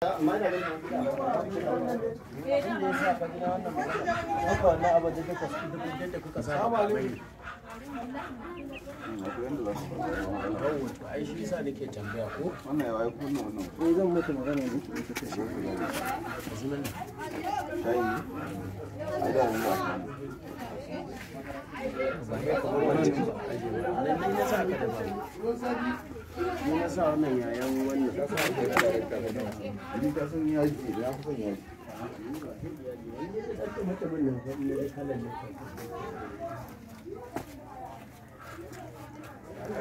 Haka wannan abin da kuka sa ai shi sa nake tambaya ko wannan ne ki ta a da yayan wannan ka sa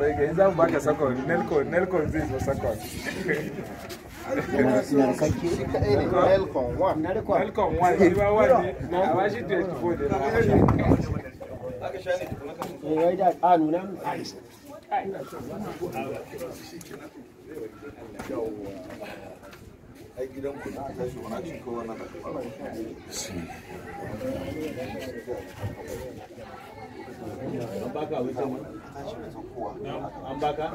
Waiga baka sakon, Nelcon, Nelcon zai zo sakon. Nelcon 1. Nelcon 1, shi ma 1 ne, a ba shi 24 ne. Wai da a nuna mu. ai gidan ku na tashi wani ci ko wannan da kuma shi baka wuce ne an baka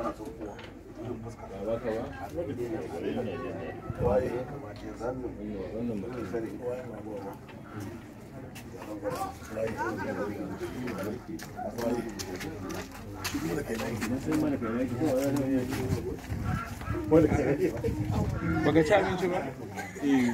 baka ci abinci ba? eh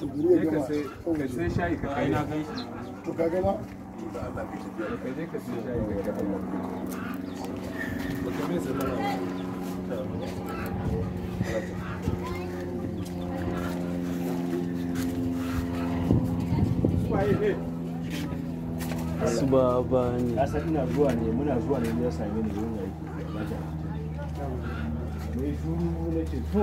ne ka shayi ka kai na su ba ba ne zuwa ne muna zuwa ne ya same yin mai shuru na ce to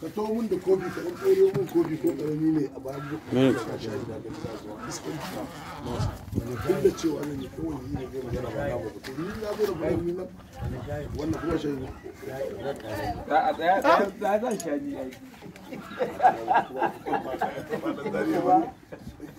ka to mun da kofi ka dan ɗoro mun kofi ko ƙarami ne a bayan ne ka sha da ka ta zuwa iskan ta wani kun da cewa nan ne kawai yi ne zai magana ba na ba to ni na zo da bayan nan wannan kuma shan yi a tsaya za a sha